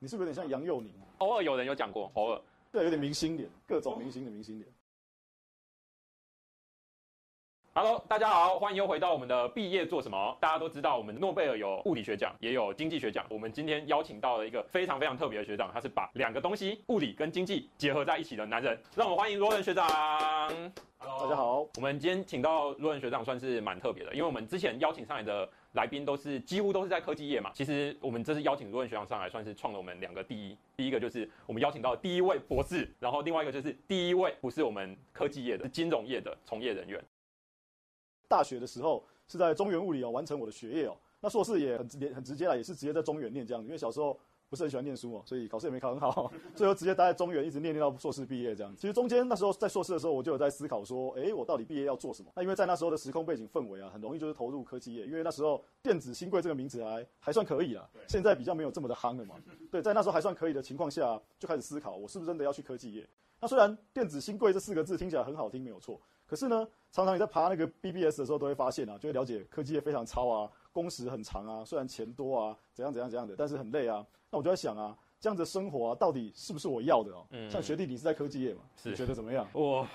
你是不是有點像楊祐寧？偶爾有人有講過，偶爾，對，有點明星臉，各種明星的明星臉。Hello，大家好，歡迎又回到我們的畢業做什麼？大家都知道，我們諾貝爾有物理學獎，也有經濟學獎。我們今天邀請到了一個非常非常特別的學長，他是把兩個東西，物理跟經濟結合在一起的男人。讓我們歡迎 Roland 學長。Hello，大家好。我們今天請到 Roland 學長算是蠻特別的，因為我們之前邀請上來的。來賓都是幾乎都是在科技業嘛，其實，我們這次邀請多位學長上來，算是創了我們兩個第一。第一個就是我們邀請到第一位博士，然後另外一個就是第一位不是我們科技業的，是金融業的從業人員。大學的時候是在中原物理哦，完成我的學業哦，那碩士也很直很直接啊，也是直接在中原念這樣，因為小時候。不是很喜歡念書哦，所以考試也沒考很好，最後直接待在中原，一直念念到碩士畢業這樣。其實中間那時候在碩士的時候，我就有在思考說，誒、欸，我到底畢業要做什麼？那因為在那時候的時空背景氛圍啊，很容易就是投入科技業，因為那時候電子新貴這個名字還還算可以啦。現在比較沒有這麼的夯了嘛，對，在那時候還算可以的情況下，就開始思考我是不是真的要去科技業？那雖然電子新貴這四個字聽起來很好聽，沒有錯，可是呢。常常你在爬那個 BBS 的時候，都會發現啊，就會了解科技業非常操啊，工時很長啊，雖然錢多啊，怎樣怎樣怎樣的，但是很累啊。那我就在想啊，這樣的生活啊，到底是不是我要的哦？嗯，像學弟你是在科技業嗎？是你覺得怎麼樣？我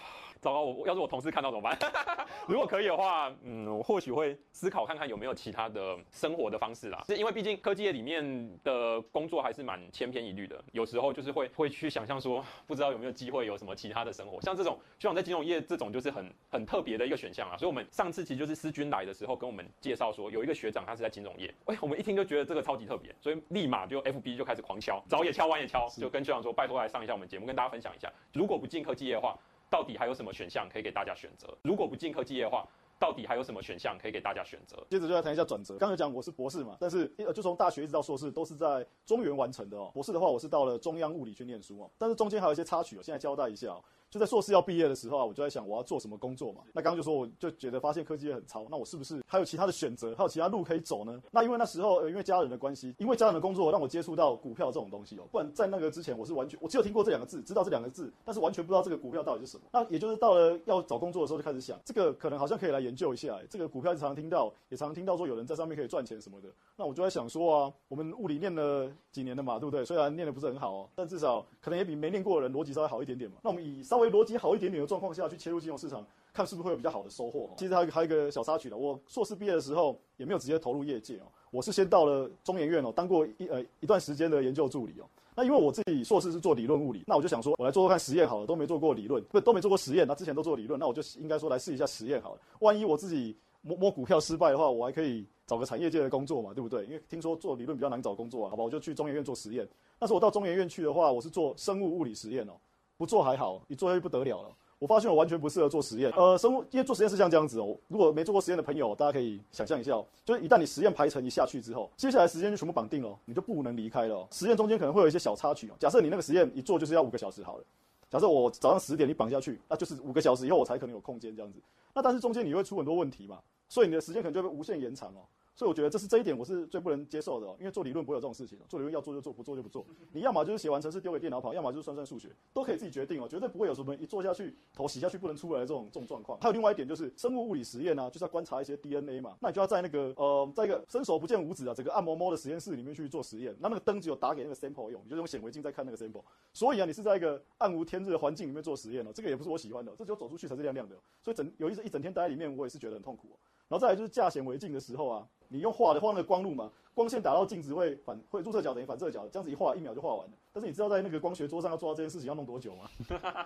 糟糕！我要是我同事看到怎麼辦？ 如果可以的話，嗯，我或許會思考看看有沒有其他的生活的方式啦。是因為畢竟科技業裡面的工作還是蠻千篇一律的，有時候就是會會去想象說，不知道有沒有機會有什麼其他的生活。像這種學長在金融業這種就是很很特別的一個選項啦。所以，我們上次其實就是思君來的時候跟我們介紹說，有一個學長他是在金融業，哎、欸，我們一聽就覺得這個超級特別，所以立馬就 FB 就開始狂敲，早也敲，晚也敲，就跟學長說，拜托來上一下我們節目，跟大家分享一下，如果不進科技業的話。到底還有什麼選項可以給大家選擇？如果不進科技業的話，到底還有什麼選項可以給大家選擇？接着就來談一下轉折。剛才講我是博士嘛，但是呃，就從大學一直到碩士都是在中原完成的哦。博士的話，我是到了中央物理去念書哦。但是中間還有一些插曲哦。現在交代一下哦。就在碩士要畢業的時候啊，我就在想我要做什麼工作嘛。那剛剛就說，我就覺得發現科技業很潮，那我是不是還有其他的選擇，還有其他路可以走呢？那因為那時候、呃、因為家人的關係，因為家人的工作讓我接觸到股票這種東西哦、喔。不然在那個之前我是完全我只有聽過這兩個字，知道這兩個字，但是完全不知道這個股票到底是什麼。那也就是到了要找工作的時候就開始想，這個可能好像可以來研究一下、欸。這個股票常常聽到，也常常聽到說有人在上面可以賺錢什麼的。那我就在想說啊，我們物理念了幾年了嘛，對不對？雖然念的不是很好哦、喔，但至少可能也比沒念過的人邏輯稍微好一點點嘛。那我們以稍微所以邏輯好一點點的狀況下去切入金融市場，看是不是會有比較好的收穫。其實還有還有一個小插曲的，我碩士畢業的時候也沒有直接投入業界哦、喔，我是先到了中研院哦、喔，當過一呃一段時間的研究助理哦、喔。那因為我自己碩士是做理論物理，那我就想說，我來做做看實驗好了，都沒做過理論，不都沒做過實驗，那、啊、之前都做理論，那我就應該說來試一下實驗好了。萬一我自己摸摸股票失敗的話，我還可以找個產業界的工作嘛，對不對？因為聽說做理論比較難找工作、啊，好吧，我就去中研院做實驗。但是我到中研院去的話，我是做生物物理實驗哦、喔。不做還好，一做就不得了了。我發現我完全不適合做實驗。呃，生物因為做實驗是像這樣子哦、喔。如果沒做過實驗的朋友，大家可以想象一下、喔，就是一旦你實驗排程一下去之後，接下來時間就全部綁定了，你就不能離開了、喔。實驗中間可能會有一些小插曲哦、喔。假設你那個實驗一做就是要五個小時好了，假設我早上十點你綁下去，那就是五個小時以後我才可能有空間這樣子。那但是中間你會出很多問題嘛，所以你的時間可能就會被無限延長哦、喔。所以我覺得這是這一點，我是最不能接受的、喔。因為做理論不會有這種事情、喔，做理論要做就做，不做就不做。你要麼就是寫完程式丟給電腦跑，要麼就是算算數學，都可以自己決定哦、喔，絕對不會有什麼一做下去頭洗下去不能出來的這種這種狀況。還有另外一點就是生物物理實驗啊，就是要觀察一些 DNA 嘛，那你就要在那個呃，在一個伸手不見五指啊，整個暗摸摸的實驗室裡面去做實驗。那那個燈只有打給那個 sample 用，你就用顯微鏡在看那個 sample。所以啊，你是在一個暗無天日的環境裡面做實驗哦、喔，這個也不是我喜歡的，這只有走出去才是亮亮的、喔。所以整有一一整天待在裡面，我也是覺得很痛苦、喔。然後再來就是架顯微鏡的時候啊，你用畫的畫那個光路嘛，光線打到鏡子會反，會入射角等於反射角，這樣子一畫，一秒就畫完了。但是你知道在那個光學桌上要做這件事情要弄多久嗎？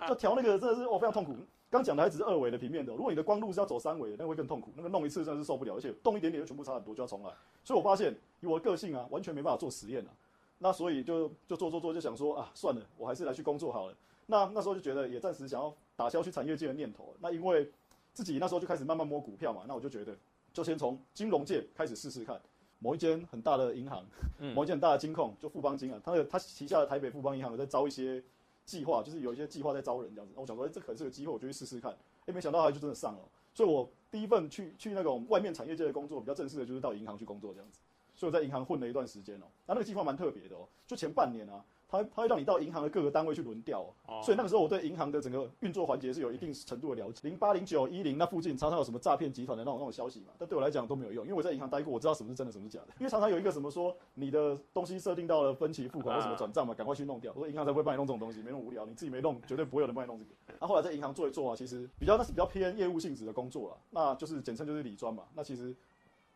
就調那個真的是我、哦，非常痛苦。剛，剛講的還只是二維的平面的、哦，如果你的光路是要走三維的，那個、會更痛苦。那個弄一次真的是受不了，而且動一點點就全部差很多，就要重來。所以我發現以我的個性啊，完全沒辦法做實驗了、啊。那所以就就做做做，就想說啊，算了，我還是來去工作好了。那那時候就覺得也暫時想要打消去產業界的念頭。那因為自己那時候就開始慢慢摸股票嘛，那我就覺得。就先從金融界開始試試看。某一間很大的銀行，嗯、某一間很大的金控，就富邦金啊，他的他旗下的台北富邦銀行有在招一些計劃，就是有一些計劃在招人這樣子。我想說，哎、欸，這可能是個機會，我就去試試看。哎、欸，沒想到他就真的上了。所以我第一份去去那種外面產業界的工作比較正式的，就是到銀行去工作這樣子。所以我在銀行混了一段時間哦、喔，那那個計劃蠻特別的哦、喔，就前半年啊。他他會讓你到銀行的各個單位去輪調、喔，oh. 所以那個時候我對銀行的整個運作環節是有一定程度的了解。零八、零九、一零那附近常常有什麼詐騙集團的那種那種消息嘛？但對我來講都沒有用，因為我在銀行待過，我知道什麼是真的，什麼是假的。因為常常有一個什麼說你的東西設定到了分期付款或什麼轉賬嘛，趕快去弄掉。我說銀行才不會幫你弄這種東西，沒那麼無聊。你自己沒弄，絕對不會有人幫你弄這個。然、啊、後後來在銀行做一做啊，其實比較那是比較偏業務性質的工作啊，那就是簡稱就是理專嘛。那其實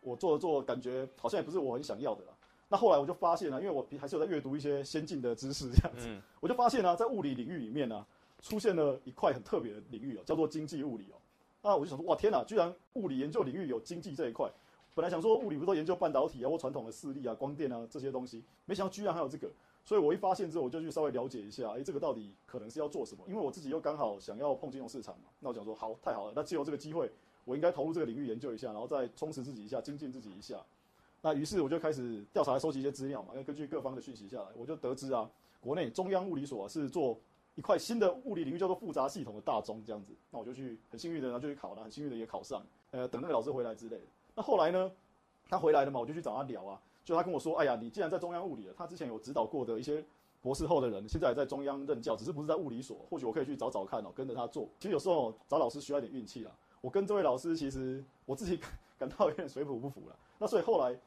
我做了做，感覺好像也不是我很想要的啦。那後來我就發現呢、啊，因為我還是有在閱讀一些先進的知識這樣子，嗯、我就發現呢、啊，在物理領域裡面呢、啊，出現了一塊很特別的領域哦、喔，叫做經濟物理哦、喔。那我就想說，哇天哪、啊，居然物理研究領域有經濟這一塊！本來想說物理不是都研究半導體啊、或傳統的勢力啊、光電啊這些東西，沒想到居然還有這個。所以我一發現之後，我就去稍微了解一下，哎、欸，這個到底可能是要做什麼？因為我自己又剛好想要碰金融市場嘛。那我想說，好，太好了，那借由這個機會，我應該投入這個領域研究一下，然後再充實自己一下，精進自己一下。那於是我就開始調查、收集一些資料嘛，因為根據各方的訊息下來，我就得知啊，國內中央物理所啊，是做一塊新的物理領域，叫做複雜系統的大宗。這樣子。那我就去很幸運的呢，然後就去考了，很幸運的也考上。呃，等那個老師回來之類的。那後來呢，他回來了嘛，我就去找他聊啊，就他跟我說：“哎呀，你既然在中央物理了，他之前有指導過的一些博士後的人，現在還在中央任教，只是不是在物理所，或許我可以去找找看哦，跟着他做。”其實有時候找老師需要一點運氣啦。我跟這位老師其實我自己感到有點水土不服了。那所以後來。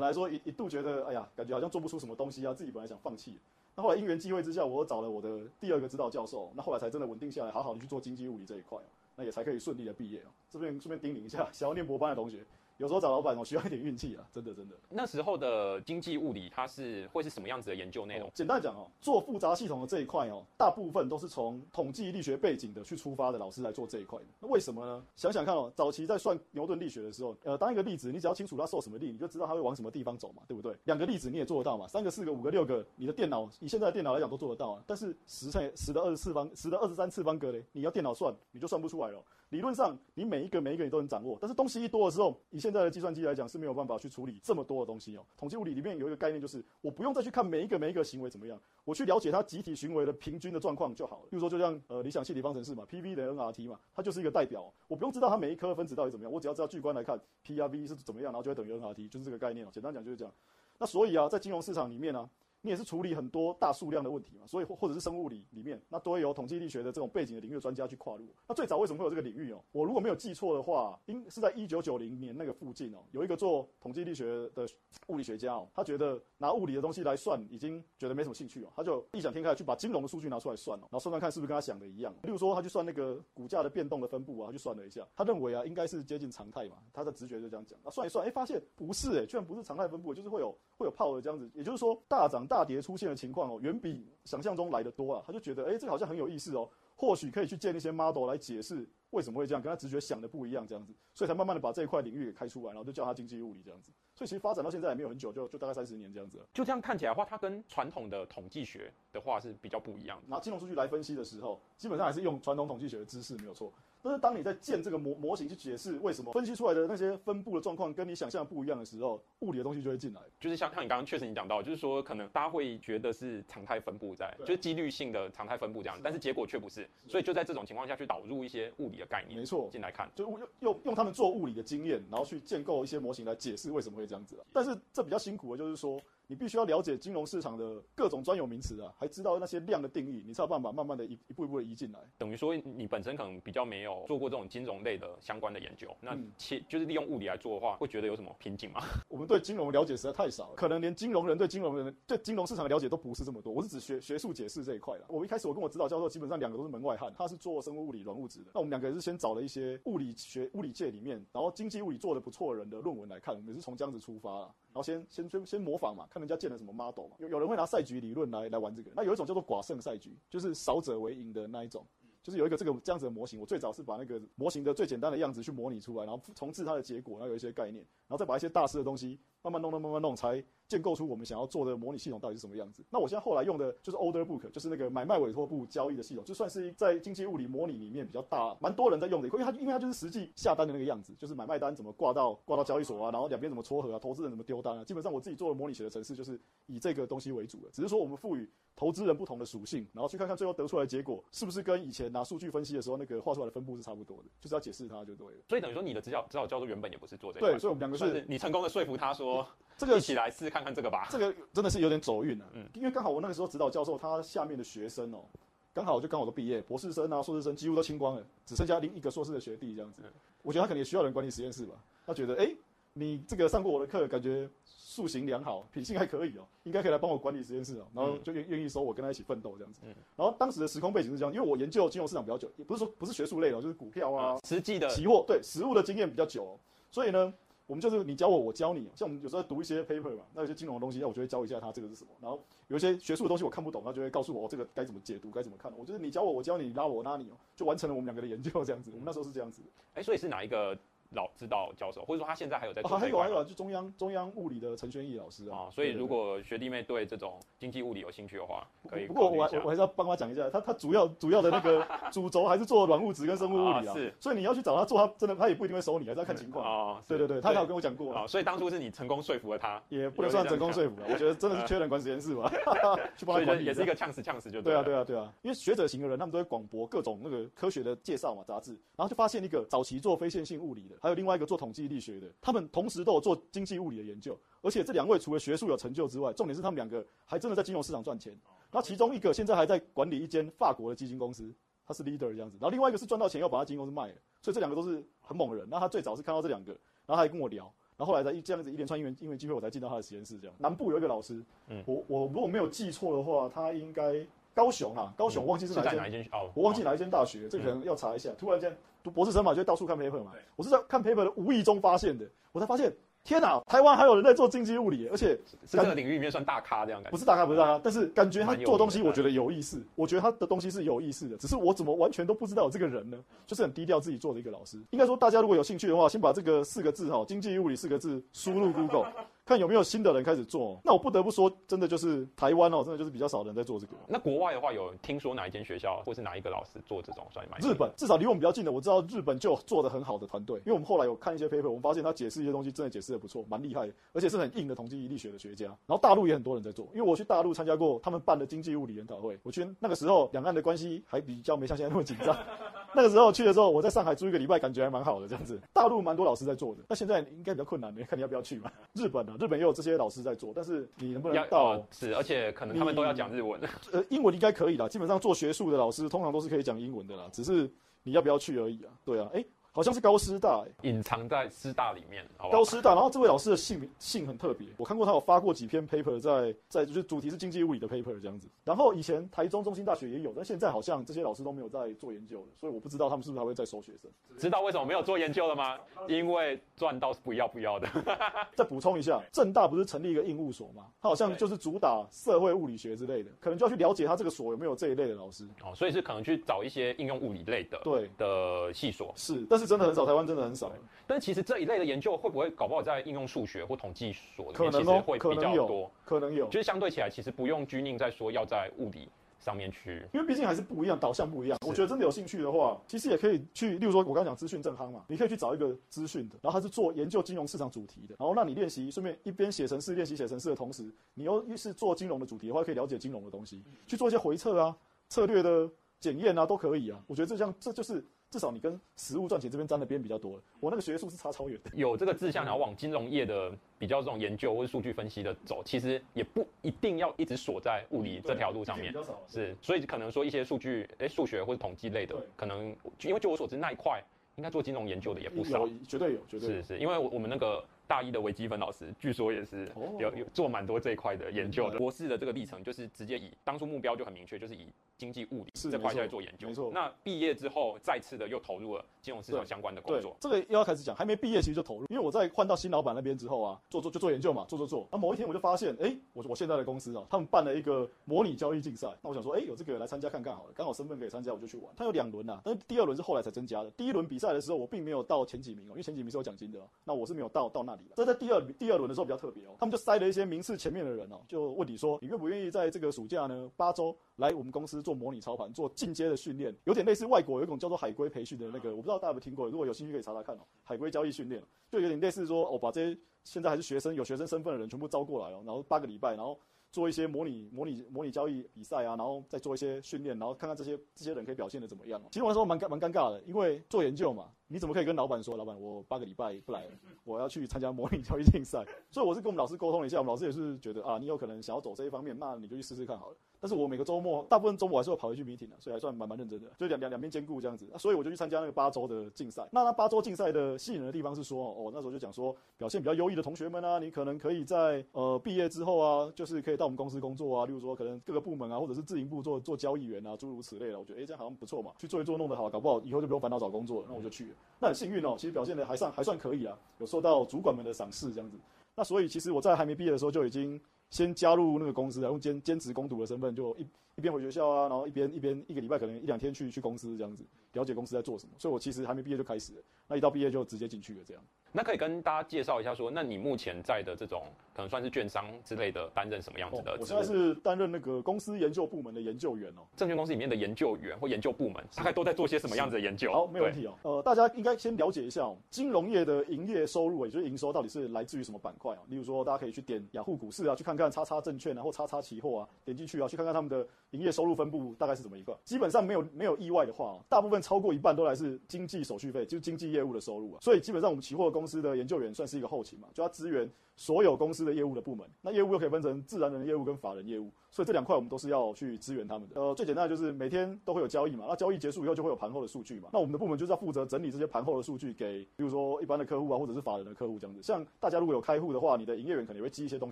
本來說一一度覺得，哎呀，感覺好像做不出什麼東西啊，自己本來想放棄。那後來因緣際會之下，我找了我的第二個指導教授，那後來才真的穩定下來，好好的去做經濟物理這一塊啊，那也才可以順利的畢業。順便順便叮嚀一下，想要念博班的同學。有時候找老闆哦，我需要一點運氣啊，真的，真的。那時候的經濟物理，它是會是什麼樣子的研究內容？哦，簡單講哦，做複雜系統的這一塊哦，大部分都是從統計力學背景的去出發的老師來做這一塊。那為什麼呢？想想看哦，早期在算牛頓力學的時候，呃，當一個粒子，你只要清楚它受什麼力，你就知道它會往什麼地方走嘛，對不對？兩個粒子你也做得到嘛，三個、四個、五個、六個，你的電腦，以現在的電腦來講都做得到啊。但是十以十的二十四方、十的二十三次方個嘞，你要電腦算，你就算不出來了。理論上，你每一個每一個你都能掌握，但是東西一多的時候，以現在的計算機來講是沒有辦法去處理這麼多的東西哦。統計物理裡面有一個概念，就是我不用再去看每一個每一個行為怎麼樣，我去了解它集體行為的平均的狀況就好了。比如說，就像呃理想氣體方程式嘛，P V 的 N R T 嘛，它就是一個代表喔，我不用知道它每一顆分子到底怎麼樣，我只要知道巨觀來看 P R V 是怎麼樣，然後就會等於 N R T，就是這個概念哦。簡單講就是這樣。那所以啊，在金融市場裡面呢。你也是處理很多大數量的問題嘛，所以或或者是生物裡裡面，那都會有統計力學的這種背景的領域的專家去跨入。那最早為什麼會有這個領域哦？我如果沒有記錯的話，應是在一九九零年那個附近哦，有一個做統計力學的物理學家哦，他覺得拿物理的東西來算已經覺得沒什麼興趣哦，他就異想天開去把金融的數據拿出來算哦，然後算算看是不是跟他想的一樣喔。例如說，他去算那個股價的變動的分布，啊，他去算了一下，他認為啊應該是接近常態嘛，他的直覺就這樣講。他算一算，哎，發現不是哎，居然不是常態分布，就是會有會有泡的這樣子，也就是說大漲。大跌出現的情況哦、喔，遠比想象中來得多啊！他就覺得，誒、欸、這個、好像很有意思哦、喔，或許可以去建那些 model 來解釋為什麼會這樣，跟他直覺想的不一樣，這樣子，所以才慢慢的把這一塊領域給開出來，然後就叫他經濟物理這樣子。所以其實發展到現在也沒有很久，就就大概三十年這樣子了。就這樣看起來的話，它跟傳統的統計學的話是比較不一樣的。拿金融數據來分析的時候，基本上還是用傳統統計學的知識，沒有錯。但是當你在建這個模模型去解釋為什麼分析出來的那些分布的狀況跟你想象不一樣的時候，物理的東西就會進來。就是像、像你剛剛確實你講到，就是說可能大家會覺得是常態分布在，對就是幾率性的常態分布這樣，是，但是結果卻不是，是，所以就在這種情況下去導入一些物理的概念，沒錯錯，進來看，就用、用、用他們做物理的經驗，然後去建構一些模型來解釋為什麼會這樣子。但是這比較辛苦的就是說，你必須要了解金融市場的各種專有名詞啊，還知道那些量的定義。你才有辦法，慢慢的，一步一步的移進來。等於說，你本身可能比較沒有做過這種金融類的相關的研究。嗯、那其就是利用物理來做的話，會覺得有什麼瓶頸嗎？我們對金融了解實在太少了，可能連金融人對金融人對金融市場的了解都不是這麼多。我是只學學術解釋這一塊的。我一開始我跟我指導教授基本上兩個都是門外漢，他是做生物物理軟物質的。那我們兩個也是先找了一些物理學、物理界裡面，然後經濟物理做得不錯的人的論文來看，我們也是從這樣子出發。然後先先先先模仿嘛，看人家建了什麼 model 嘛。有有人會拿賽局理論來來玩這個。那有一種叫做寡勝賽局，就是少者為贏的那一種，就是有一個這個這樣子的模型。我最早是把那個模型的最簡單的樣子去模擬出來，然後重置它的結果，然後有一些概念，然後再把一些大師的東西慢慢弄弄慢慢弄才。拆建構出我們想要做的模擬系統到底是什麼樣子？那我現在後來用的就是 Order Book，就是那個買賣委托簿交易的系統。就算是在經濟物理模擬裡面比較大，蠻多人在用的，因為它因為它就是實際下單的那個樣子，就是買賣單怎麼掛到掛到交易所啊，然後兩邊怎麼撮合啊，投資人怎麼丟單啊。基本上我自己做的模擬寫的程式，就是以這個東西為主的。只是說我們賦予投資人不同的屬性，然後去看看最後得出來的結果是不是跟以前拿數據分析的時候那個畫出來的分布是差不多的。就是要解釋它就對了。所以等於說你的指導指導教授原本也不是做這個，對，所以我們兩個是，算是你成功的說服他說。這個、一起來試看看這個吧。這個真的是有點走運了，啊，嗯，因為剛好我那個時候指導教授他下面的學生哦，喔，剛好就剛好都畢業，博士生啊、碩士生幾乎都清光了，只剩下另一個碩士的學弟這樣子。嗯，我覺得他可能也需要人管理實驗室吧？他覺得，誒、欸，你這個上過我的課，感覺素行良好，品性還可以哦，喔，應該可以來幫我管理實驗室哦，喔。然後就願願意收我跟他一起奮鬥這樣子。嗯，然後當時的時空背景是這樣，因為我研究金融市場比較久，也不是說不是學術類的、喔、就是股票啊、嗯、實際的期貨，對，實務的經驗比較久哦，喔，所以呢。我們就是你教我，我教你。像我們有時候讀一些 paper 嘛，那有些金融的東西，那我就會教一下他這個是什麼。然後有一些學術的東西我看不懂，他就會告訴我，哦，這個該怎麼解讀，該怎麼看。我就是你教我，我教你，拉我拉你，就完成了我們兩個的研究這樣子。嗯，我們那時候是這樣子。哎，欸，所以是哪一個？老知道教授，或者說他現在還有在、哦、還有還、啊、有，就中央中央物理的陳宣毅老師啊、哦。所以如果學弟妹對這種經濟物理有興趣的話，可以不。不過我還我還是要幫他講一下，他他主要主要的那個主軸還是做軟物質跟生物物理啊。哦、是，所以你要去找他做，他真的他也不一定會收你，還是要看情況。哦，對對對，對他他有跟我講過啊、哦。所以當初是你成功說服了他，也不能算成功說服了。我覺得真的是缺人管實驗室哈， 去幫他管理，也是一個 chance chance 就對啊對啊對啊，對啊，因為學者型的人他們都會廣博各種那個科學的介紹嘛雜誌，然後就發現一個早期做非線性物理的。還有另外一個做統計力學的，他們同時都有做經濟物理的研究，而且這兩位除了學術有成就之外，重點是他們兩個還真的在金融市場賺錢。那其中一個現在還在管理一間法國的基金公司，他是 leader 這樣子，然後另外一個是賺到錢要把他基金公司賣了，所以這兩個都是很猛的人。那他最早是看到這兩個，然後他還跟我聊，然後後來才這樣子一連串因緣因緣機會我才進到他的實驗室這樣。南部有一個老師，我我如果沒有記錯的話，他應該。高雄啊，高雄，忘記是哪間，嗯哪一間 oh, 我忘記哪一間大學，這個、可能要查一下。嗯、突然間讀博士生嘛，就到處看 paper 嘛。我是在看 paper 的無意中發現的，我才發現，天哪、啊，台灣還有人在做經濟物理，而且是是這個領域裡面算大咖這樣不是,咖不是大咖，不是大咖，但是感覺他做東西，我覺得有意思。我覺得他的東西是有意思的，只是我怎麼完全都不知道有這個人呢？就是很低調，自己做的一個老師。應該說，大家如果有興趣的話，先把這個四個字哈，經濟物理四個字輸入 Google。 看有沒有新的人開始做。那我不得不說，真的就是台灣哦、喔，真的就是比較少的人在做這個。那國外的話，有聽說哪一間學校或是哪一個老師做這種，算日本，至少離我們比較近的，我知道日本就做得很好的團隊，因為我們後來有看一些 paper，我們發現他解釋一些東西真的解釋得不錯，蠻厲害的，而且是很硬的統計力學的學家。然後大陸也很多人在做，因為我去大陸參加過他們辦的經濟物理研討會，我去那個時候兩岸的關係還比較沒像現在那麼緊張。 那個時候去的時候，我在上海住一個禮拜，感覺還蠻好的這樣子。大陸蠻多老師在做的，那現在應該比較困難的、欸，看你要不要去吧。日本的、啊、日本也有這些老師在做，但是你能不能到？呃、是，而且可能他們都要講日文。呃，英文應該可以啦，基本上做學術的老師通常都是可以講英文的啦，只是你要不要去而已啊。對啊，哎、欸。好像是高師大、欸，隱藏在師大裡面，好，好高師大，然後這位老師的姓姓很特別，我看過他有發過幾篇 paper，在在就是主題是經濟物理的 paper 這樣子。然後以前台中中心大學也有，但現在好像這些老師都沒有在做研究了，所以我不知道他們是不是還會再收學生。知道為什麼沒有做研究了嗎？因為賺到是不要不要的。 再補充一下，政大不是成立一個應物所嗎？他好像就是主打社會物理學之類的，可能就要去了解他這個所有沒有這一類的老師哦，所以是可能去找一些應用物理類的對的系所是，但。是真的很少，台灣真的很少。但其實這一類的研究會不會搞不好在應用數學或統計所裡面其實會比較多，可能喔、可能有、可能有。就是相對起來，其實不用拘泥在說要在物理上面去，因為畢竟還是不一樣，導向不一樣。是我覺得真的有興趣的話，其實也可以去，例如說我剛剛講資訊正康嘛，你可以去找一個資訊的，然後他是做研究金融市場主題的，然後讓你練習，順便一邊寫程式練習寫程式的同時，你又是做金融的主題的話，可以了解金融的東西，去做一些回測啊、策略的檢驗啊，都可以啊。我覺得這樣，這就是。至少你跟實物賺錢這邊沾的邊比較多，我那個學術是差超遠的。有這個志向，然要往金融業的比較這種研究或者數據分析的走，其實也不一定要一直鎖在物理這條路上面。啊啊、是，所以可能說一些數據，哎、欸，數學或者統計類的，對可能因為就我所知那一塊，應該做金融研究的也不少，絕對有，絕對有。是是，因為我我們那個。大一的微積分老師，據說也是有有做蠻多這一塊的研究的。Oh, oh, oh. 博士的這個歷程就是直接以當初目標就很明確，就是以經濟物理這塊來做研究。沒錯。那畢業之後，再次的又投入了金融市場相關的工作。對，這個又要開始講，還沒畢業其實就投入，因為我在換到新老闆那邊之後啊，做做就做研究嘛，做做做。那、啊、某一天我就發現，哎、欸，我我現在的公司啊，他們辦了一個模擬交易競賽。那我想說，哎、欸，有這個來參加看看好了，剛好身份可以參加，我就去玩。他有兩輪吶，但是第二輪是後來才增加的。第一輪比賽的時候，我並沒有到前幾名哦，因為前幾名是有獎金的。那我是沒有到到那。這在第二第二輪的時候比較特別哦，他們就篩了一些名次前面的人哦，就問你說，你願不願意在這個暑假呢，八周來我們公司做模擬操盤，做進階的訓練，有點類似外國有一種叫做海龜培訓的那個，我不知道大家有沒有聽過，如果有興趣可以查查看哦。海龜交易訓練就有點類似說，哦，把這些現在還是學生，有學生身份的人全部招過來哦，然後八個禮拜，然後做一些模擬模擬模擬交易比賽啊，然後再做一些訓練，然後看看這些這些人可以表現的怎麼樣哦。其實我那時候蠻蠻尷尬的，因為做研究嘛。你怎麼可以跟老闆說，老闆，我八個禮拜不來了，我要去參加模擬交易競賽？所以我是跟我們老師溝通了一下，我們老師也是覺得啊，你有可能想要走這一方面，那你就去試試看好了。但是我每個周末，大部分周末還是會跑回去 meeting 的，所以還算蠻蠻認真的，就兩兩兩邊兼顧這樣子，啊。所以我就去參加那個八周的競賽。那那八周競賽的吸引人的地方是說，哦，那時候就講說，表現比較優異的同學們啊，你可能可以在呃畢業之後啊，就是可以到我們公司工作啊，例如說可能各個部門啊，或者是自營部做做交易員啊，諸如此類的。我覺得，誒、欸，這樣好像不錯嘛，去做一做，弄得好，搞不好以後就不用煩惱找工作了。那我就去了，那很幸運哦，其實表現的還算還算可以啊，有受到主管們的賞識這樣子。那所以其實我在還沒畢業的時候就已經。先加入那個公司，然後兼兼職工讀的身份，就一一邊回學校啊，然後一邊一邊一個禮拜可能一兩天去去公司這樣子，了解公司在做什麼。所以我其實還沒畢業就開始了，那一到畢業就直接進去了這樣。那可以跟大家介紹一下說，說，那你目前在的這種可能算是券商之類的，擔任什麼樣子的？Oh, 我現在是擔任那個公司研究部門的研究員哦。證券公司裡面的研究員或研究部門，是大概都在做些什麼樣子的研究？好，對沒問題哦。呃，大家應該先了解一下、哦，金融業的營業收入也，也就是營收到底是來自於什麼板塊啊？例如說，大家可以去點雅虎、ah、股市啊，去看看叉叉證券啊，或叉叉期貨啊，點進去啊，去看看他們的營業收入分布大概是怎麼一個？基本上沒有沒有意外的話、哦，大部分超過一半都來自經紀手續費，就是經紀業務的收入啊。所以基本上我們期貨的公公司的研究員算是一個後勤嘛，就要支援所有公司的業務的部門。那業務又可以分成自然人業務跟法人業務，所以這兩塊我們都是要去支援他們的。呃，最簡單的就是每天都會有交易嘛，那交易結束以後就會有盤後的數據嘛。那我們的部門就是要負責整理這些盤後的數據給，給比如說一般的客戶啊，或者是法人的客戶這樣子。像大家如果有開戶的話，你的營業員可能也會寄一些東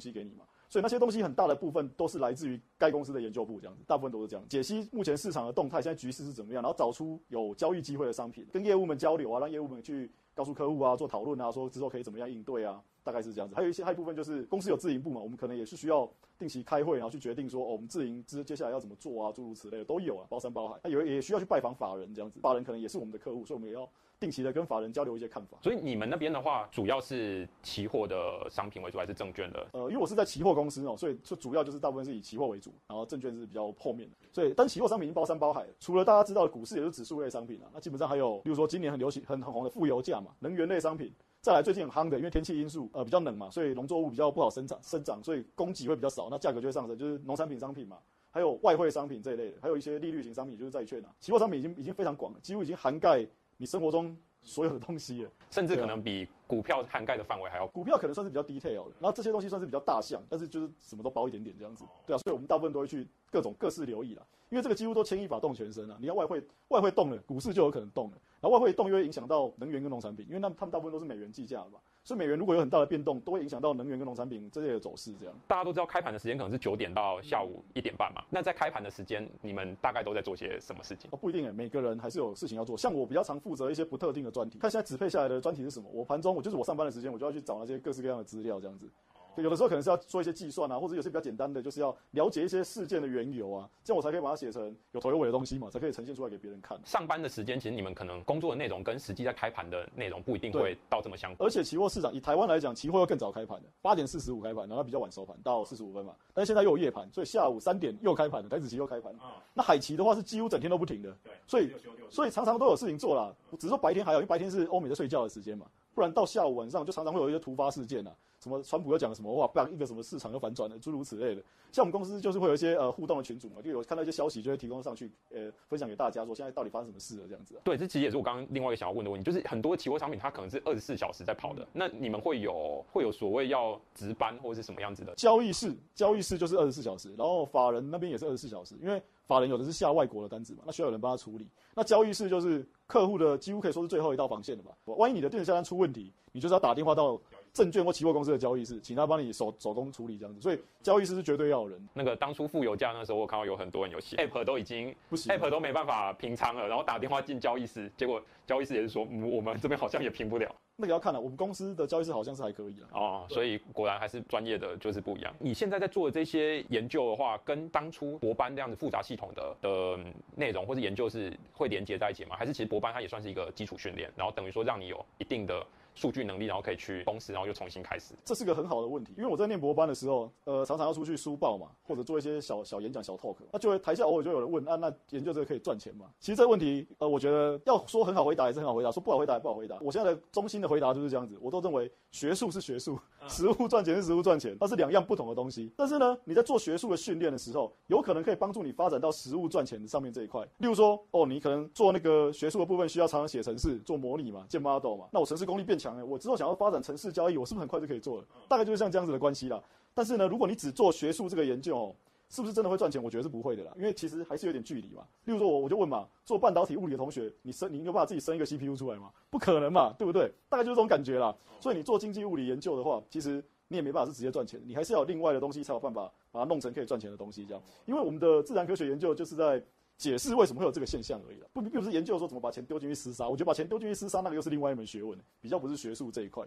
西給你嘛，所以那些東西很大的部分都是來自於該公司的研究部這樣子，大部分都是這樣。解析目前市場的動態，現在局勢是怎麼樣，然後找出有交易機會的商品，跟業務們交流啊，讓業務們去。告訴客戶啊，做討論啊，說之後可以怎麼樣應對啊，大概是這樣子。還有一些，還有一部分就是公司有自營部嘛，我們可能也是需要定期開會，然後去決定說、哦、我們自營之接下來要怎麼做啊，諸如此類的都有啊，包山包海。那、啊、有也需要去拜訪法人這樣子，法人可能也是我們的客戶，所以我們也要。定期的跟法人交流一些看法。所以你們那邊的話，主要是期貨的商品為主還是證券的？呃，因為我是在期貨公司哦、喔，所以就主要就是大部分是以期貨為主，然後證券是比較後面的。所以，但期貨商品已經包山包海了，除了大家知道的股市，也就是指數類商品啊。那基本上還有，比如說今年很流行，很很紅的負油價嘛，能源類商品。再來，最近很夯的，因為天氣因素，呃，比較冷嘛，所以農作物比較不好生長，生長，所以供給會比較少，那價格就會上升，就是農產品商品嘛。還有外匯商品這一類的，還有一些利率型商品，就是債券啊。期貨商品已經已經非常廣了，幾乎已經涵蓋。你生活中所有的東西，甚至可能比股票涵蓋的範圍還要。股票可能算是比較 detail 的，然後這些東西算是比較大項，但是就是什麼都包一點點這樣子。對啊，所以我們大部分都會去各種各式留意啦，因為這個幾乎都牽一髮動全身啊。你要外匯，外匯動了，股市就有可能動了，然後外匯動又會影響到能源跟農產品，因為那他們大部分都是美元計價的嘛。所以美元如果有很大的變動，都會影響到能源跟農產品這類的走勢，這樣，大家都知道開盤的時間可能是九點到下午一點半嘛？嗯。那在開盤的時間，你們大概都在做些什麼事情？哦，不一定誒。每個人還是有事情要做。像我比較常負責一些不特定的專題。看現在指配下來的專題是什麼？我盤中，我就是我上班的時間，我就要去找那些各式各樣的資料，這樣子。有的時候可能是要做一些計算啊，或者有些比較簡單的，就是要了解一些事件的緣由啊，這樣我才可以把它寫成有頭有尾的東西嘛，才可以呈現出來給別人看啊。上班的時間，其實你們可能工作的內容跟實際在開盤的內容不一定會到這麼相同。而且期貨市場以台灣來講，期貨要更早開盤的，八點四十五開盤，然後它比較晚收盤到四十五分嘛。但是現在又有夜盤，所以下午三點又開盤了，台指期又開盤。嗯、那海期的話是幾乎整天都不停的，對所以所以常常都有事情做啦，我只是說白天還好，因為白天是歐美在睡覺的時間嘛，不然到下午晚上就常常會有一些突發事件啊。什麼？川普又講了什麼話？不然一個什麼市場又反轉了？諸如此類的。像我們公司就是會有一些呃互動的群組嘛，就有看到一些消息就會提供上去呃分享給大家，說現在到底發生什麼事了這樣子、啊。對，這其實也是我剛剛另外一個想要問的問題，就是很多期貨商品它可能是二十四小時在跑的，嗯、的那你們會有會有所謂要值班或者是什麼樣子的交易室？交易室就是二十四小時，然後法人那邊也是二十四小時，因為法人有的是下外國的單子嘛，那需要有人幫他處理。那交易室就是客戶的幾乎可以說是最後一道防線的嘛。萬一你的電子下單出問題，你就是要打電話到。證券或期貨公司的交易室，請他幫你手手工處理這樣子，所以交易室是絕對要人。那個當初負油價的時候，我看到有很多人有寫 App 都已經不行，App 都沒辦法平倉了，然後打電話進交易室，結果交易室也是說，嗯、我們這邊好像也平不了。那個要看了，我們公司的交易室好像是還可以的哦，所以果然還是專業的就是不一樣。對你現在在做的這些研究的話，跟當初博班這樣子複雜系統的的嗯、內容或是研究是會連接在一起嗎？還是其實博班它也算是一個基礎訓練，然後等於說讓你有一定的。數據能力，然後可以去公司，然後又重新開始。這是個很好的問題，因為我在念博班的時候，呃，常常要出去書報嘛，或者做一些小小演講、小 talk，那就會台下偶爾就有人問：啊，那研究這個可以賺錢嗎？其實這個問題，呃，我覺得要說很好回答也是很好回答，說不好回答也不好回答。我現在的中心的回答就是這樣子，我都認為學術是學術，實務賺錢是實務賺錢，它是兩樣不同的東西。但是呢，你在做學術的訓練的時候，有可能可以幫助你發展到實務賺錢的上面這一塊。例如說，哦，你可能做那個學術的部分需要常常寫程式、做模擬嘛、建 model 嘛，那我程式功力變強。我之後想要發展程式交易，我是不是很快就可以做了？大概就是像這樣子的關係啦。但是呢，如果你只做學術這個研究，喔，是不是真的會賺錢？我覺得是不會的啦，因為其實還是有點距離嘛。例如說我，我我就問嘛，做半導體物理的同學，你生你有辦法自己生一個 CPU 出來嗎？不可能嘛，對不對？大概就是這種感覺啦。所以你做經濟物理研究的話，其實你也沒辦法是直接賺錢，你還是要有另外的東西才有辦法把它弄成可以賺錢的東西，這樣。因為我們的自然科學研究就是在。解釋為什麼會有這個現象而已了。不並不是研究說怎麼把錢丟進去廝殺，我覺得把錢丟進去廝殺那個又是另外一門學問、欸，比較不是學術這一塊。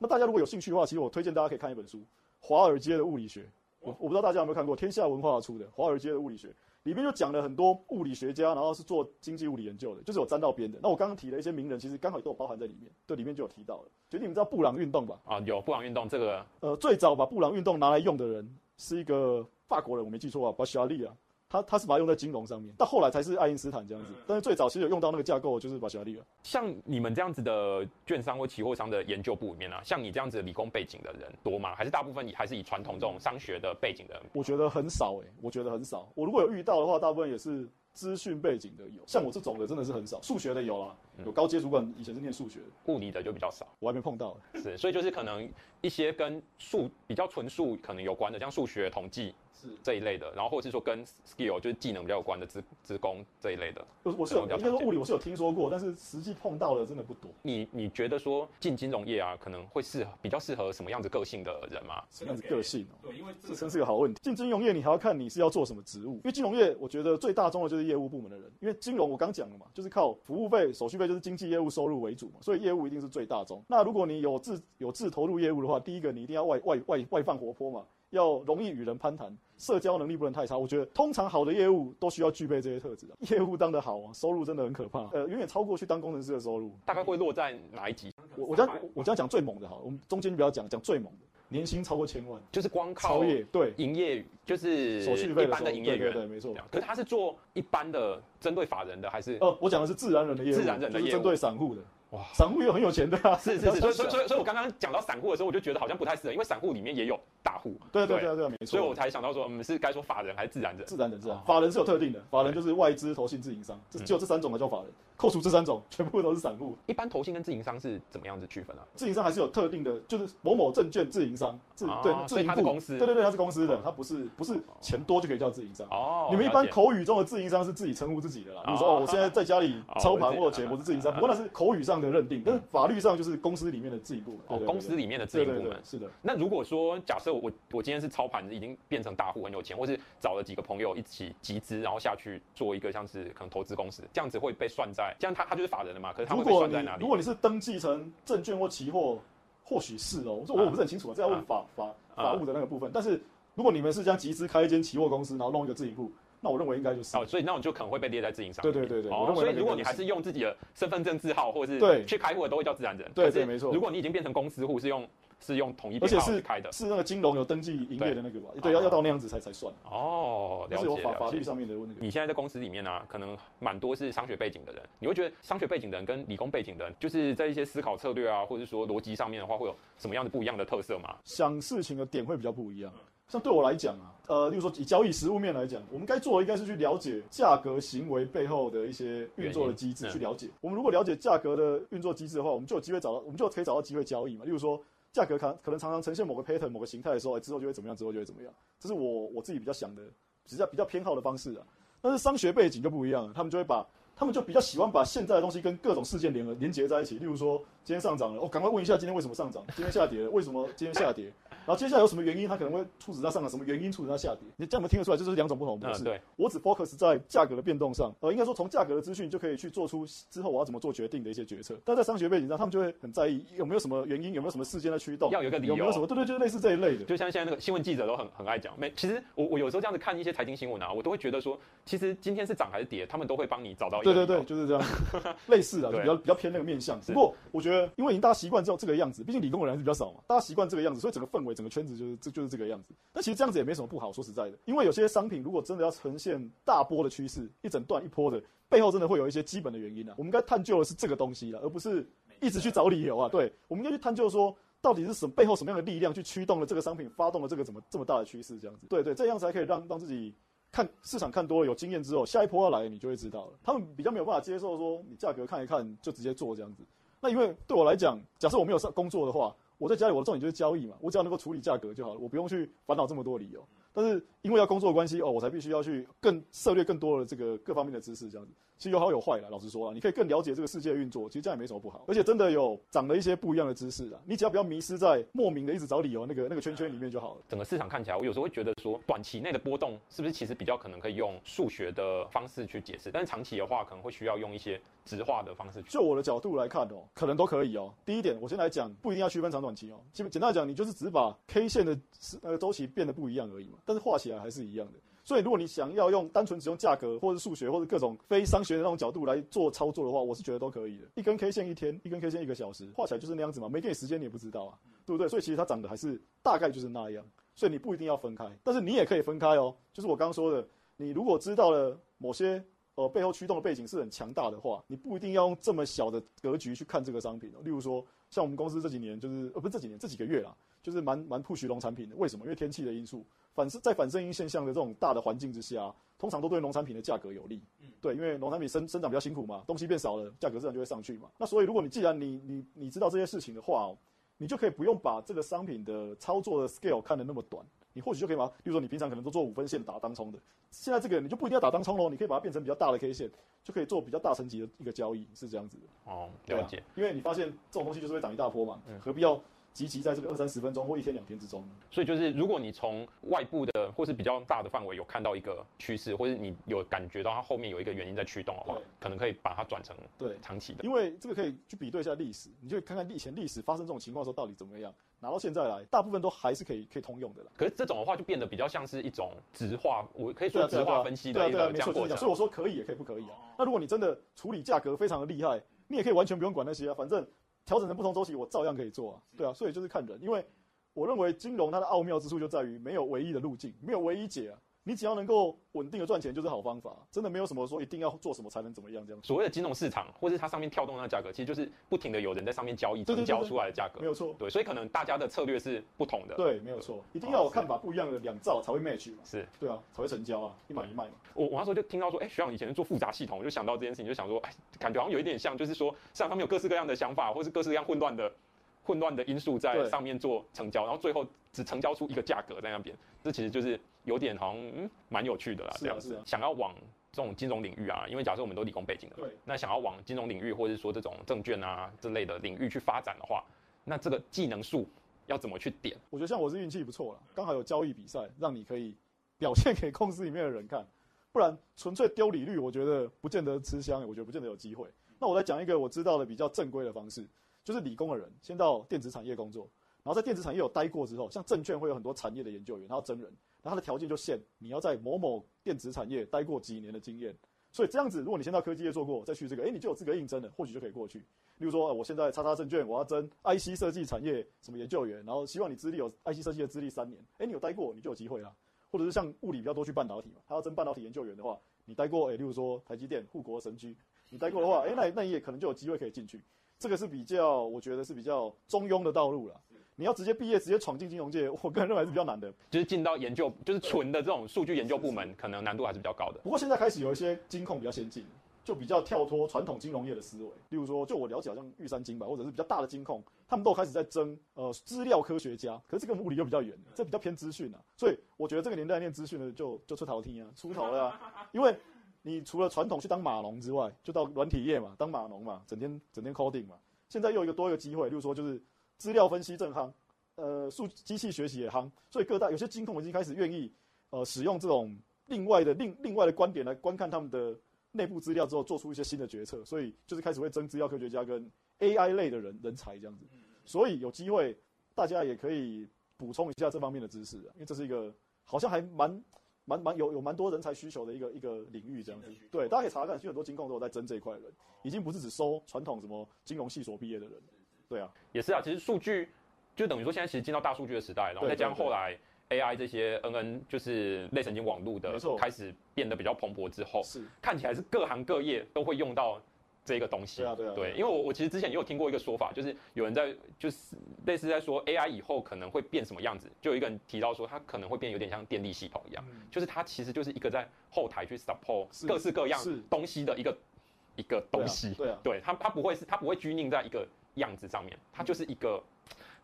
那大家如果有興趣的話，其實我推薦大家可以看一本書《華爾街的物理學》，我。我我不知道大家有沒有看過，天下文化出的《華爾街的物理學》，裡面就講了很多物理學家，然後是做經濟物理研究的，就是我沾到邊的。那我剛剛提了一些名人，其實剛好也都有包含在裡面，對，裡面就有提到了。就你們知道布朗運動吧？啊，有布朗運動這個，呃，最早把布朗運動拿來用的人是一個法國人，我沒記錯啊，巴西亞利啊。他他是把它用在金融上面，到後來才是愛因斯坦這樣子。但是最早其實有用到那個架構，就是巴舍利耶。像你們這樣子的券商、或期貨商的研究部裡面呢、啊，像你這樣子的理工背景的人多嗎？還是大部分還是以傳統這種商學的背景的人？我覺得很少哎、欸，我覺得很少。我如果有遇到的話，大部分也是資訊背景的有。像我這種的真的是很少，數學的有啦，有高階主管以前是念數學、嗯，物理的就比較少，我還沒碰到、欸。是，所以就是可能一些跟數比較純數可能有關的，像數學、統計。這一類的，然後或者是說跟 skill 就是技能比較有關的職職工這一類的。我我是有我應該說物理我是有聽說過，但是實際碰到的真的不多。你你覺得說進金融業啊，可能會適合，比較適合什麼樣子個性的人嗎？什麼樣子個性、喔？對，因為這真是個好問題。進金融業你還要看你是要做什麼職務，因為金融業我覺得最大宗的就是業務部門的人，因為金融我剛講了嘛，就是靠服務費、手續費就是經紀業務收入為主嘛，所以業務一定是最大宗。那如果你有自有自投入業務的話，第一個你一定要外外外外放活潑嘛。要容易與人攀談，社交能力不能太差。我覺得通常好的業務都需要具備這些特質。業務當得好啊，收入真的很可怕，呃，遠遠超過去當工程師的收入。大概會落在哪一級、嗯？我我這樣我這樣講最猛的哈，我們中間不要講，講最猛的，年薪超過千萬，就是光靠超越，對營業，就是一般的營業員，對,對,對沒錯。可是他是做一般的針對法人的，還是哦、呃，我講的是自然人的業務，自然人的業務針對散戶的。哇，散戶又很有錢的啊！是是是， 所以所以所以我剛剛講到散戶的時候，我就覺得好像不太適合，因為散戶裡面也有大戶。對對對對，對，沒錯，所以我才想到說，我們是該說法人還是自然人？自然人是吧？法人是有特定的，法人就是外資、投信、自營商，對就這三種才叫法人。嗯扣除這三種，全部都是散戶。一般投信跟自營商是怎麼樣子區分啊？自營商還是有特定的，就是某某證券自營商，自對自營部公司。對對對，它是公司的，它不是不是錢多就可以叫自營商。哦，你們一般口語中的自營商是自己稱呼自己的啦。你說哦，我現在在家裡操盤，我錢我是自營商。不過那是口語上的認定，但是法律上就是公司裡面的自營部。哦，公司裡面的自營部門。是的。那如果說，假設我我今天是操盤，已經變成大戶，很有錢，或是找了幾個朋友一起集資，然後下去做一個像是可能投資公司，這樣子會被算在這樣他他就是法人的嘛？可是他會被算在哪裡？如果，如果你是登記成證券或期貨，或許是哦、喔。我說我我不是很清楚啊，這要問法、啊、法法務的那個部分。但是如果你們是這樣集資開一間期貨公司，然後弄一個自營戶，那我認為應該就是哦。所以那種就可能會被列在自營上。對對對對，哦。我認為所以如果你還是用自己的身份證字號或者是去開戶的，都會叫自然人。對，對對沒錯。如果你已經變成公司戶，是用。是用統一本號開的是，是那個金融有登記營業的那個吧？對，對，要要到那樣子才才算哦。了解，了法法律上面的問題、那個。你現在在公司裡面呢、啊，可能蠻多是商學背景的人，你會覺得商學背景的人跟理工背景的人，就是在一些思考策略啊，或者是說邏輯上面的話，會有什麼樣的不一樣的特色嗎？想事情的點會比較不一樣。像對我來講啊，呃，例如說以交易實務面來講，我們該做的應該是去了解價格行為背後的一些運作的機制，去了解。嗯、我們如果了解價格的運作機制的話，我們就有機會找到，我們就可以找到機會交易嘛。例如說。價格可可能常常呈現某個 pattern、某個形態的時候，欸，之後就會怎麼樣？之後就會怎麼樣？這是我我自己比較想的，比較比較偏好的方式啊。但是商學背景就不一樣了，他們就會把他們就比較喜歡把現在的東西跟各種事件聯合、連結在一起。例如說，今天上漲了，我、喔、趕快問一下今天為什麼上漲？今天下跌了，為什麼今天下跌？然後接下來有什麼原因，它可能會促使它上漲，什麼原因促使它下跌？你這樣子聽得出來，就是兩種不同的模式。嗯、對。我只 focus 在價格的變動上，呃，應該說從價格的資訊就可以去做出之後我要怎麼做決定的一些決策。但在商學背景上，他們就會很在意有沒有什麼原因，有沒有什麼事件的驅動，要有一個理由。有沒有什麼？對對，就是類似這一類的。就像現在那個新聞記者都很很愛講。每其實我我有時候這樣子看一些財經新聞啊，我都會覺得說，其實今天是漲還是跌，他們都會幫你找到一個。對對對，就是這樣， 類似啊，就比較對比較偏那個面向。是不過我覺得，因為已經大家習慣之後這個樣子，畢竟理工人還是比較少嘛，大家習慣這個樣子，所以整個氛圍。整個圈子，就是這就是這個樣子，但其實這樣子也沒什麼不好。說實在的，因為有些商品如果真的要呈現大波的趨勢，一整段一波的，背後真的會有一些基本的原因啊。我們該探究的是這個東西了，而不是一直去找理由啊。對，我們應該去探究說，到底是什麼背後什麼樣的力量去驅動了這個商品，發動了這個怎麼這麼大的趨勢？這樣子，對對，對，這樣子才可以讓讓自己看市場看多了有經驗之後，下一波要來你就會知道了。他們比較沒有辦法接受說，你價格看一看就直接做這樣子。那因為對我來講，假設我沒有上工作的話。我在家裡，我的重點就是交易嘛，我只要能夠處理價格就好了，我不用去煩惱這麼多理由。但是因為要工作關係哦，我才必須要去更涉獵更多的這個各方面的知識，這樣子其實有好有壞啦。老實說啦，你可以更了解這個世界運作，其實這樣也沒什麼不好。而且真的有長了一些不一樣的知識啦，你只要不要迷失在莫名的一直找理由那個那個圈圈裡面就好了。整個市場看起來，我有時候會覺得說，短期內的波動是不是其實比較可能可以用數學的方式去解釋？但是長期的話，可能會需要用一些直化的方式去。就我的角度來看哦，可能都可以哦。第一點，我先來講，不一定要區分長短期哦。基本簡單講，你就是只把 K 線的呃週期變得不一樣而已嘛。但是畫起來還是一樣的，所以如果你想要用單純只用價格，或者是數學，或者各種非商學的那種角度來做操作的話，我是覺得都可以的。一根 K 線一天，一根 K 線一個小時，畫起來就是那樣子嘛。沒給你時間，你也不知道啊，對不對？所以其實它長得還是大概就是那樣。所以你不一定要分開，但是你也可以分開哦、喔。就是我剛剛說的，你如果知道了某些呃背後驅動的背景是很強大的話，你不一定要用這麼小的格局去看這個商品、喔。例如說，像我們公司這幾年就是呃不是這幾年，這幾個月啦，就是蠻蠻 bullish 農產品的。為什麼？因為天氣的因素。反之在反聖嬰現象的這種大的環境之下，通常都對農產品的價格有利。嗯、對，因為農產品生生長比較辛苦嘛，東西變少了，價格自然就會上去嘛。那所以，如果你既然你你你知道這些事情的話哦、喔，你就可以不用把這個商品的操作的 scale 看得那麼短，你或許就可以把，比如說你平常可能都做五分線打當沖的，現在這個你就不一定要打當沖咯，你可以把它變成比較大的 K 線，就可以做比較大層級的一個交易，是這樣子的。哦，了解，對，因為你發現這種東西就是會漲一大波嘛，嗯、何必要？集集在這個二三十分鐘或一天兩天之中。所以就是如果你從外部的或是比較大的範圍有看到一個趨勢，或是你有感覺到它後面有一個原因在驅動的話，對可能可以把它轉成對長期的。因為這個可以去比對一下歷史，你就看看以前歷史發生這種情況的時候到底怎麼樣，拿到現在來，大部分都還是可以可以通用的啦。可是這種的話就變得比較像是一種質化，我可以說質化分析的一個這樣的過程。對啊對啊對啊對啊、所以我說可以也可以不可以。啊。那如果你真的處理價格非常的厲害，你也可以完全不用管那些啊，反正。調整成不同週期，我照樣可以做啊，對啊，所以就是看人，因為我認為金融它的奧妙之處就在於沒有唯一的路徑，沒有唯一解啊。你只要能夠穩定的賺錢，就是好方法。真的沒有什麼說一定要做什麼才能怎麼樣這樣。所謂的金融市場，或是它上面跳動的那個價格，其實就是不停的有人在上面交易對對對對，成交出來的價格。沒有錯。對，所以可能大家的策略是不同的。對，沒有錯。對一定要有看法不一樣的兩造才會 match 嘛。是。對啊，才會成交啊，是一買一賣嘛。我我那時候就聽到說，哎、欸，學長以前做複雜系統，我就想到這件事情，就想說，哎，感覺好像有一點像，就是說，市場上面有各式各樣的想法，或是各式各樣混亂的混亂的因素在上面做成交，對然後最後只成交出一個價格在那邊。這其實就是。有點好像嗯，蠻有趣的啦，這樣子，是啊，是啊，想要往這種金融領域啊，因為假設我們都理工背景的，對那想要往金融領域或者是說這種證券啊，這類的領域去發展的話，那這個技能樹要怎麼去點？我覺得像我是運氣不錯了，剛好有交易比賽，讓你可以表現給公司裡面的人看，不然純粹丟履歷，我覺得不見得吃香，我覺得不見得有機會。那我再講一個我知道的比較正規的方式，就是理工的人先到電子產業工作，然後在電子產業有待過之後，像證券會有很多產業的研究員，然後真人。然後它的條件就限，你要在某某電子產業待過幾年的經驗，所以這樣子，如果你先到科技業做過，再去這個，哎，你就有資格應徵了，或許就可以過去。例如說，呃，我現在叉叉證券，我要爭 IC 設計產業什麼研究員，然後希望你資歷有 IC 設計的資歷三年，哎，你有待過，你就有機會啦。或者是像物理比較多去半導體嘛，他要爭半導體研究員的話，你待過，誒，例如說台積電、護國神居，你待過的話，哎，那那你也可能就有機會可以進去。這個是比較，我覺得是比較中庸的道路了。你要直接畢業，直接闖進金融界，我個人認為還是比較難的。就是進到研究，就是純的這種數據研究部門，對可能難度還是比較高的。不過現在開始有一些金控比較先進，就比較跳脫傳統金融業的思維。例如說，就我了解，好像玉山金吧，或者是比較大的金控，他們都開始在爭呃資料科學家。可是這個物理又比較遠，這比較偏資訊啊。所以我覺得這個年代念資訊的就就出頭天啊，出頭了啊。因為你除了傳統去當碼農之外，就到軟體業嘛，當碼農嘛，整天整天 coding 嘛。現在又有一個多一個機會，例如說就是。資料分析正夯，呃，數機器學習也夯，所以各大有些金控已經開始願意，呃，使用這種另外的另另外的觀點來觀看他們的內部資料之後，做出一些新的決策。所以就是開始會爭資料科學家跟 AI 類的人人才這樣子。所以有機會大家也可以補充一下這方面的知識，因為這是一個好像還蠻蠻蠻有有蠻多人才需求的一個一個領域這樣子。對，大家可以查看，其實很多金控都有在爭這一塊的人，已經不是只收傳統什麼金融系所畢業的人。對啊，也是啊，其實數據就等於說，現在其實進到大數據的時代，然後再加上後來 AI 這些 NN 就是類神經網絡的，開始變得比較蓬勃之後，是，沒錯，看起來是各行各業都會用到這一個東西。對啊，對啊。對，因為我我其實之前也有聽過一個說法，就是有人在就是類似在說 AI 以後可能會變什麼樣子，就有一個人提到說，它可能會變有點像電力系統一樣，嗯，就是它其實就是一個在後台去 support 各式各樣東西的一個一個東西。對啊，對，它它不會是它不會拘泥在一個樣子上面，它就是一個，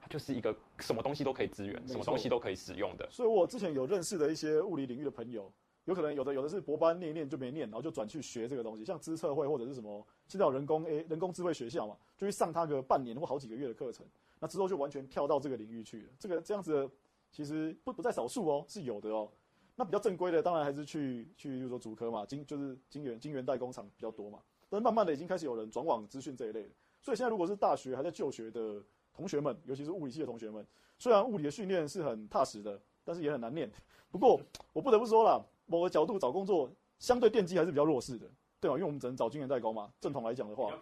它就是一個什麼東西都可以資源，沒錯，什麼東西都可以使用的。所以我之前有認識的一些物理領域的朋友，有可能有的有的是博班念一念就沒念，然後就轉去學這個東西，像資策會或者是什麼，現在有人工誒、人工智慧學校嘛，就去上他個半年或好幾個月的課程，那之後就完全跳到這個領域去了。這個這樣子的其實不不在少數哦、喔，是有的哦、喔。那比較正規的當然還是去去就說竹科嘛，晶就是晶圓晶圓代工廠比較多嘛，但慢慢的已經開始有人轉往資訊這一類了。所以現在，如果是大學還在就學的同學們，尤其是物理系的同學們，雖然物理的訓練是很踏實的，但是也很難念。不過我不得不說啦，某個角度找工作，相對電機還是比較弱勢的，對吧？因為我們只能找經驗代工嘛。正統來講的話，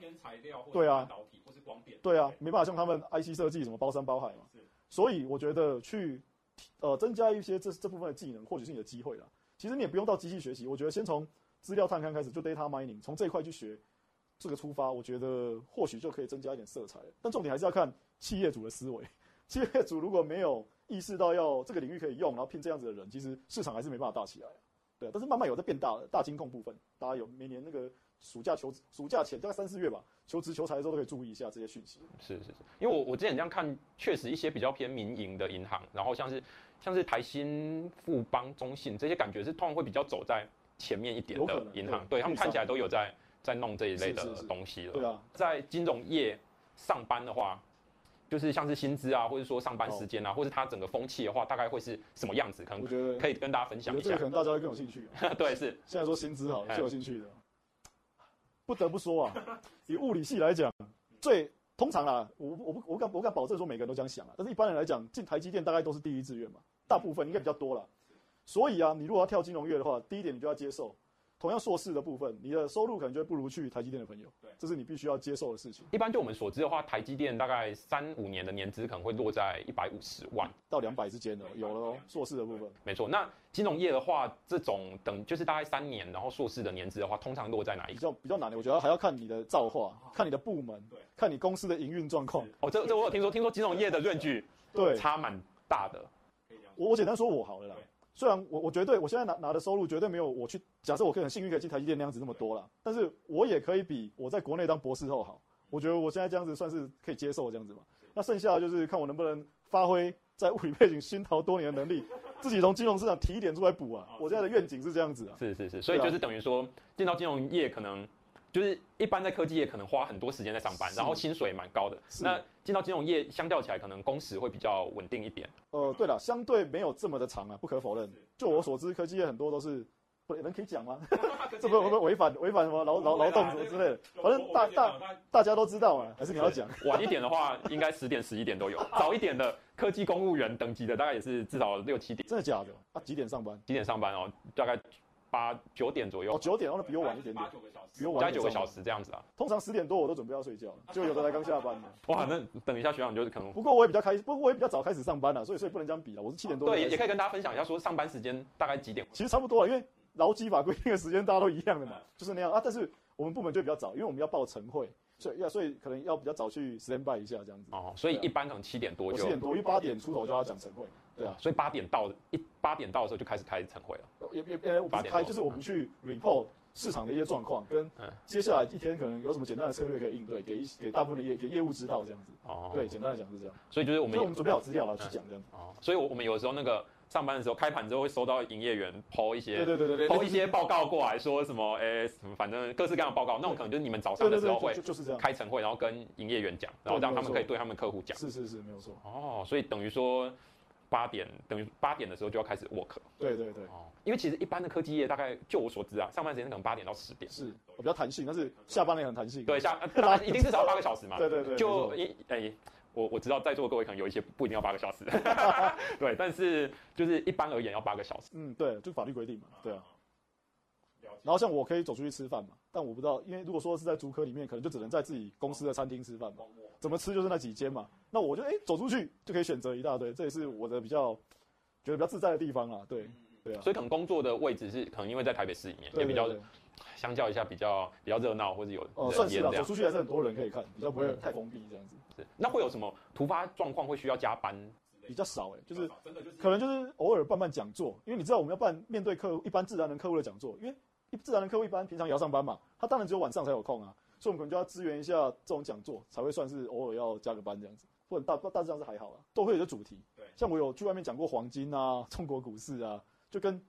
對啊，對啊，沒辦法像他們 IC 設計什麼包山包海嘛。所以我覺得去呃增加一些這這部分的技能，或許是你的機會啦。其實你也不用到機器學習，我覺得先從資料探勘開始，就 data mining，從這一塊去學。這個出發，我覺得或許就可以增加一點色彩，但重點還是要看企業主的思維。企業主如果沒有意識到要這個領域可以用，然後聘這樣子的人，其實市場還是沒辦法大起來啊。對，但是慢慢有在變大，大金控部分，大家有每年那個暑假求職，暑假前大概三四月吧，求職求財的時候都可以注意一下這些訊息。是是是，因為我我之前這樣看，確實一些比較偏民營的銀行，然後像是像是台新、富邦、中信這些，感覺是通常會比較走在前面一點的銀行，對他們看起來都有在。在弄這一類的東西了。是是是，對啊，在金融業上班的話，就是像是薪資啊，或者說上班時間啊，哦、或是它整個風氣的話，大概會是什麼樣子？可能我覺得可以跟大家分享一下。我，我這可能大家會更有興趣、啊。 對，是現在說薪資好是，是有興趣的。對不得不說啊，以物理系來講，最通常啦，我我不我敢我敢保證說每個人都這樣想啊。但是一般人來講，進台積電大概都是第一志願嘛，大部分應該比較多啦。所以啊，你如果要跳金融業的話，第一點你就要接受。同樣碩士的部分，你的收入可能就會不如去台積電的朋友。對這是你必須要接受的事情。一般就我們所知的話，台積電大概三五年的年資可能會落在一百五十萬到兩百之間的。對有了哦，碩士的部分。沒錯。那金融業的話，這種等就是大概三年，然後碩士的年資的話，通常落在哪一種？比，比較難的，我覺得還要看你的造化，看你的部門，對看你公司的營運狀況。對哦，這這我有聽說，聽說金融業的論據對差蠻大的。對我我簡單說我好了啦，對雖然我我絕對我現在拿拿的收入絕對沒有我去。假設我可以很幸運可以進台積電那樣子那麼多了，但是我也可以比我在國內當博士後好。我覺得我現在這樣子算是可以接受這樣子嘛？那剩下的就是看我能不能發揮在物理背景熏陶多年的能力，自己從金融市場提一點出來補啊。我現在的願景是這樣子啊。是是是，是，所以就是等於說，進到金融業可能就是一般在科技業可能花很多時間在上班，是然後薪水蠻高的。是那進到金融業相較起來，可能工時會比較穩定一點。呃，對了，相對沒有這麼的長啊，不可否認。就我所知，科技業很多都是。不，人可以講嗎？這不不違反違反什麼勞勞勞動什麼之類的，反正大大大家都知道啊。還是你要講？晚一點的話，應該十點十一點都有。早一點的科技公務員等級的，大概也是至少六七點。真的假的？啊，幾點上班？幾點上班哦？大概八九點左右。哦，九點哦，那比我晚一點點，比我晚九個小時這樣子啊。通常，十點多我都準備要睡覺，就有的才剛下班呢。哇，那等一下學長你就可能，不過，我也比較開，不過我也比較早開始上班了，所以所以不能這樣比了，我是七點多。對，也也可以跟大家分享一下，說上班時間大概幾點？其實差不多啊，因為。勞基法規定的時間，大家都一樣的嘛，嗯、就是那樣啊。但是我們部門就比較早，因為我們要報晨會，所以所以可能要比較早去 stand by 一下這樣子。哦，所以一般可能七點多就七，啊、點多，因為八點出頭就要講晨會。對啊，嗯，所以八點到一八點到的時候就開始開晨會了。也也呃，我不是開就是我們去 report 市場的一些狀況，嗯，跟接下來一天可能有什麼簡單的策略可以應對，給一給大部分的業給業務知道這樣子。哦，對，簡單的講是這樣。所以就是我們我們準備好資料好了，嗯，去講這樣子，嗯。哦，所以我我們有的時候那個。上班的時候開盤之後會收到營業員拋一些，對對對對，拋一些報告過來說什麼，哎，什麼，欸、什麼反正各式各樣的報告，那種可能就是你們早上的時候會，就是這樣開晨會，然後跟營業員講，然後讓他們可以對他們客戶講。是是是，沒有錯。哦，所以等於說八點等於八點的時候就要開始，WORK。對，對對對，哦，因為其實一般的科技業大概就我所知啊，上班時間可能八點到十點，是，我比較彈性，但是下班也很彈性，對，對，對，下班、欸，呃、一定至少八個小時嘛， 對對對，就一哎。沒錯。我我知道在座各位可能有一些不一定要八個小時， 對，但是就是一般而言要八個小時。嗯，對，就法律規定嘛。對啊。然後像我可以走出去吃飯嘛，但我不知道，因為如果說是在竹科裡面，可能就只能在自己公司的餐廳吃飯嘛，怎麼吃就是那幾間嘛。那我就誒、欸，走出去就可以選擇一大堆，這也是我的比較覺得比較自在的地方啊。對，對啊。所以可能工作的位置是可能因為在台北市裡面，對對對，也比較。相較一下比較，比較比較熱鬧，或者有哦，嗯、對算是吧，走出去還是很多人可以看，比較不會太封閉這樣子。是，那會有什麼突發狀況會需要加班？比較少哎、欸，就是，就是可能就是偶爾辦辦講座，因為你知道我們要辦面對客一般自然人客戶的講座，因為自然人客戶一般平常也要上班嘛，他當然只有晚上才有空啊，所以我們可能就要支援一下這種講座，才會算是偶爾要加個班這樣子。不然大大致上是還好啦，都會有個主題。對像我有去外面講過黃金啊，中國股市啊，就跟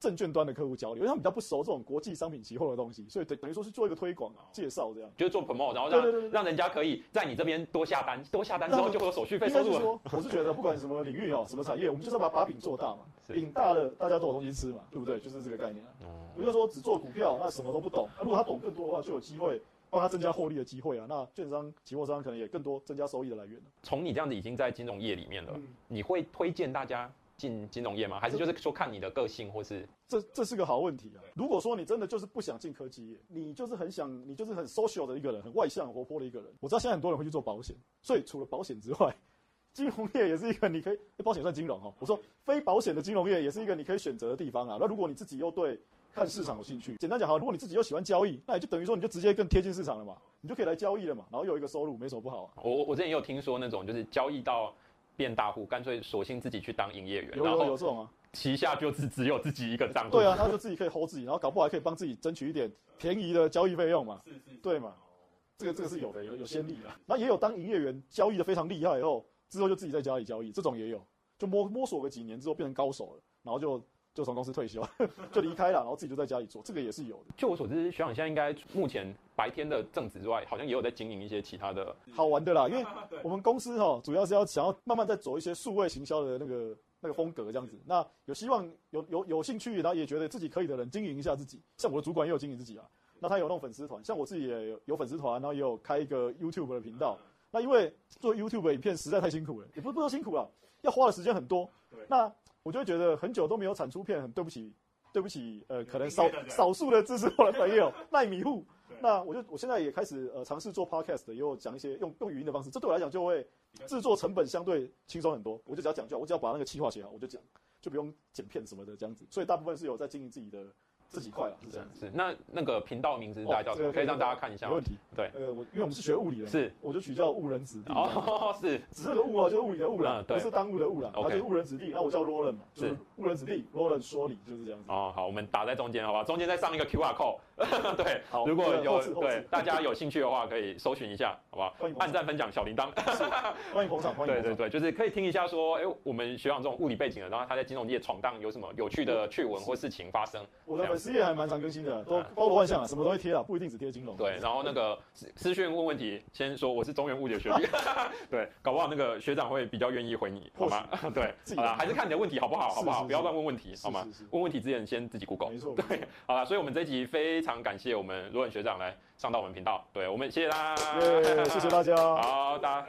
證券端的客戶交流，因為他們比較不熟這種國際商品期貨的東西，所以等等於說是做一個推廣啊，介紹這樣，就是做 promote，然後讓對對對讓人家可以在你這邊多下單，多下單之後就有手續費收入了。我是覺得不管什麼領域哦， 什麼產業，我們就是要把把餅做大嘛，餅是大了大家都有東西吃嘛，對不對？就是這個概念啊。就是、嗯、說只做股票，那什麼都不懂，那如果他懂更多的話，就有機會幫他增加獲利的機會啊。那券商、期貨商可能也更多增加收益的來源。從你這樣子已經在金融業裡面了，嗯、你會推薦大家？進金融業嗎？還是就是說看你的個性，或是這是這是個好問題啊。如果說你真的就是不想進科技業，你就是很想，你就是很 social 的一個人，很外向、活潑的一個人。我知道現在很多人會去做保險，所以除了保險之外，金融業也是一個你可以，欸、保險算金融哈、喔。我說非保險的金融業也是一個你可以選擇的地方啊。那如果你自己又對看市場有興趣，簡單講哈，如果你自己又喜歡交易，那也就等於說你就直接更貼近市場了嘛，你就可以來交易了嘛，然後又有一個收入，沒什麼不好、啊。我我我之前也有聽說那種就是交易到。變大戶，乾脆索性自己去當營業員，然後有、有、有這種啊，旗下就只只有自己一個賬戶。欸，對啊，他就自己可以 hold 自己，然後搞不好還可以幫自己爭取一點便宜的交易費用嘛，對、對、對、對、對嘛，對，這個這個是有的，有有先例的。那、啊，也有當營業員交易得非常厲害以後，之後就自己在家裡交易，這種也有，就摸摸索個幾年之後變成高手了，然後就。就從公司退休， 就離開了，然後自己就在家裡做，這個也是有的。就我所知，學長現在應該目前白天的正職之外，好像也有在經營一些其他的好玩的啦。因為我們公司哈、喔，主要是要想要慢慢在走一些數位行銷的那個那個風格這樣子。那有希望有有有興趣，然後也覺得自己可以的人，經營一下自己。像我的主管也有經營自己啊。那他有弄粉絲團，像我自己也有，有粉絲團，然後也有開一個 YouTube 的頻道。那因為做 YouTube 的影片實在太辛苦了，也不是不說辛苦啊，要花的時間很多。那。我就會覺得很久都沒有產出片，很對不起，對不起，呃，可能少少數的支持我的朋友耐迷糊。那我就我現在也開始呃嘗試做 podcast，也有講一些用用語音的方式，這對我來講就會制作成本相對輕鬆很多。我就只要講，就好我只要把那個企劃寫好，我就講，就不用剪片什麼的這樣子。所以大部分是有在經營自己的。這幾塊了，是這樣，是那那個頻道名字大家叫，可以讓大家看一下，沒問題，對，呃，我因為我們是學物理的，是，我就取叫物人子弟，哦，是，這個物啊，就是物理的物啦，對，不是當誤的誤了啦，而且物人子弟，那我叫 Roland 嘛，是，物人子弟 Roland 說理就是這樣子，哦，好，我們打在中間，好不好？中間再上一個 QR code。對，如果有對大家有興趣的話，可以搜尋一下，好不好？按讚分享小鈴鐺，歡迎捧場，歡迎。對對對，就是可以聽一下說，哎，我們學長這種物理背景的，然後他在金融界闖蕩有什麼有趣的趣聞或事情發生。我的粉絲也還蠻常更新的，都包羅萬象，什麼東西貼啊，不一定只貼金融。對，然後那個私私訊問問題，先說我是中原物理學對，搞不好那個學長會比較願意回你，好嗎？對，好了，還是看你的問題好不好？好不好？不要亂問問題，好嗎？問問題之前先自己 Google，沒錯。對，好了，所以我們這一集非。非常感謝我們 Roland 學長來上到我們頻道，對我們謝謝啦，Yeah, 謝謝大家，好的。大家